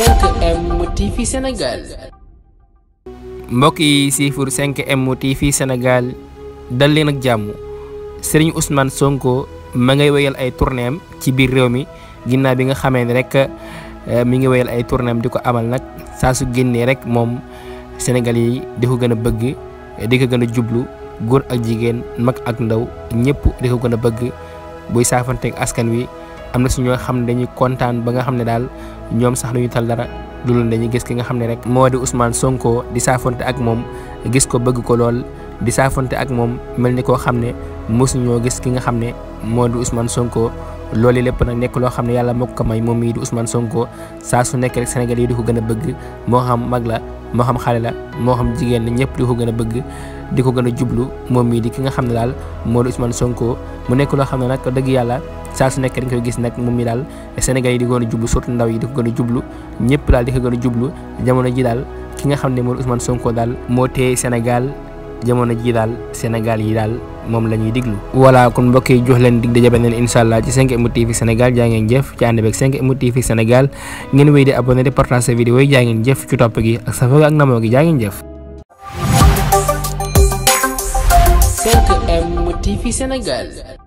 5M TV Sénégal. mbokk yi siifur 5M TV Sénégal dal leen ak jàmm Serigne Ousmane Sonko ma ngay wéyal ay tournéem ci biir réew mi ginnaaw bi nga xamee ni rek eh, mi ngi wéyal ay tournéem di ko amal nag saa su génnee rek moom senegal yi di ko gën a bëgg di ko gën a jublu góor ak jigéen mag ak ndaw ñépp di ko gën a bëgg buy saafanteeg askan wi. am na su ñoo xam ne dañuy kontaan ba nga xam ne daal ñoom sax lu ñu tal dara loolu dañuy gis ki nga xam ne rek moo di Ousmane Sonko di saafonte ak moom gis ko bëgg ko lool di saafonte ak moom mel ni koo xam ne mosuñoo gis ki nga xam ne moo di Ousmane Sonko loolu lépp nag nekk loo xam ne yàlla moo ko may moom mii di Ousmane Sonko saa su nekk rek Sénégal yi di ko gën a bëgg moo xam mag la moo xam xale la moo xam jigéen la ñëpp di ko gën a bëgg di ko gën a jublu moom mii di ki nga xam ne daal moo di Ousmane Sonko mu nekk loo xam ne nag dëgg yàlla saa su nekk dañ koy gis nag moom mi daal Sénégal yi di ko gën a jublu surtout ndaw yi di ko gën a jublu ñëpp daal di ko gën a jublu jamono ji daal ki nga xam ne moo di Ousmane Sonko daal moo téye Sénégal jamono ji daal Sénégal yi daal moom la diglu voilà kon mbokk yi jox leen dig ci 5M TV Sénégal jaa ngeen jëf ci ànd beeg 5M TV Sénégal ngeen wéy di abonné di partage yi jaa ngeen jëf ci topp gi ak safa ak namoo jaa ngeen jëf.